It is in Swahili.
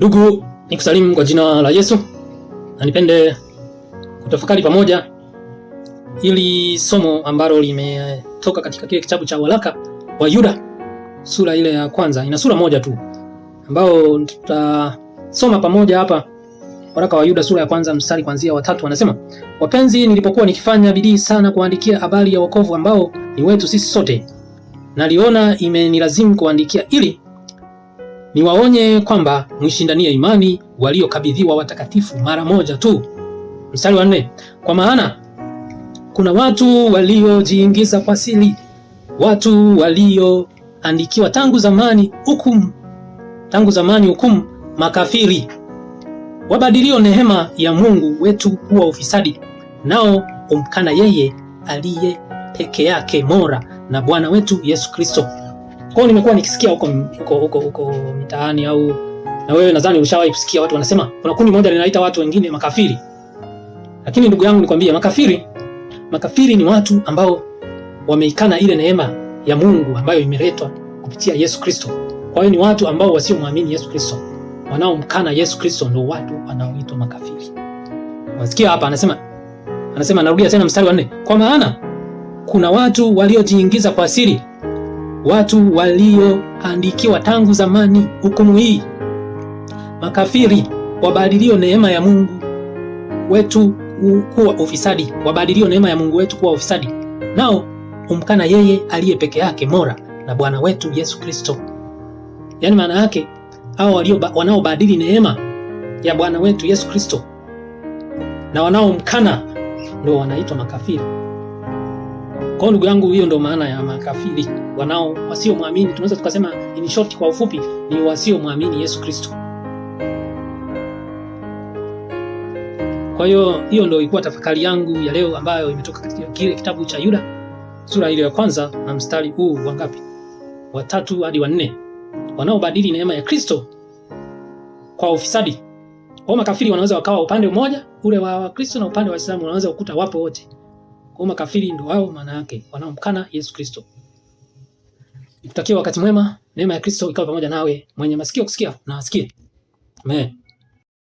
Ndugu, nikusalimu kwa jina la Yesu na nipende kutafakari pamoja ili somo ambalo limetoka katika kile kitabu cha waraka wa Yuda sura ile ya kwanza. Ina sura moja tu ambao tutasoma pamoja hapa. Waraka wa Yuda sura ya kwanza mstari kuanzia watatu, anasema wapenzi, nilipokuwa nikifanya bidii sana kuandikia habari ya wokovu ambao ni wetu sisi sote, naliona imenilazimu kuandikia ili niwaonye kwamba mwishindanie imani waliokabidhiwa watakatifu mara moja tu. Mstari wa nne, kwa maana kuna watu waliojiingiza kwa asili watu walioandikiwa tangu zamani hukumu, tangu zamani hukumu, makafiri wabadilio neema ya Mungu wetu kuwa ufisadi, nao umkana yeye aliye peke yake mora na Bwana wetu Yesu Kristo kwao. Nimekuwa nikisikia huko huko huko huko mitaani, au na wewe nadhani ushawahi kusikia watu wanasema kuna kundi moja linaita watu wengine makafiri. Lakini ndugu yangu, nikwambie, makafiri makafiri ni watu ambao wameikana ile neema ya Mungu ambayo imeletwa kupitia Yesu Kristo. Kwa hiyo ni watu ambao wasiomwamini Yesu Kristo, wanaomkana Yesu Kristo, ndio watu wanaoitwa makafiri. Unasikia hapa, anasema anasema, narudia tena mstari wa 4, kwa maana kuna watu waliojiingiza kwa siri watu walioandikiwa tangu zamani hukumu hii, makafiri wabadilio neema ya Mungu wetu kuwa ufisadi, wabadilio neema ya Mungu wetu kuwa ufisadi, nao umkana yeye aliye peke yake mora na Bwana wetu Yesu Kristo. Yaani maana yake hao wanaobadili neema ya Bwana wetu Yesu Kristo na wanaomkana ndio wanaitwa makafiri. Kwa ndugu yangu, hiyo ndio maana ya makafiri wanao wasiomwamini, tunaweza tukasema in short, kwa ufupi ni wasiomwamini Yesu Kristo. Kwa hiyo hiyo ndio ilikuwa tafakari yangu ya leo ambayo imetoka katika kile kitabu cha Yuda sura ile ya kwanza na mstari huu wa ngapi, wa tatu hadi wa nne, wanaobadili neema ya Kristo kwa ufisadi. Kwa makafiri wanaweza wakawa upande mmoja ule wa Wakristo na upande wa Waislamu wanaweza kukuta wapo wote. Hao makafiri ndio wao, maana yake wanaomkana Yesu Kristo. Nikutakia wakati mwema, neema ya Kristo ikawa pamoja nawe. Mwenye masikio kusikia na asikie. Amen.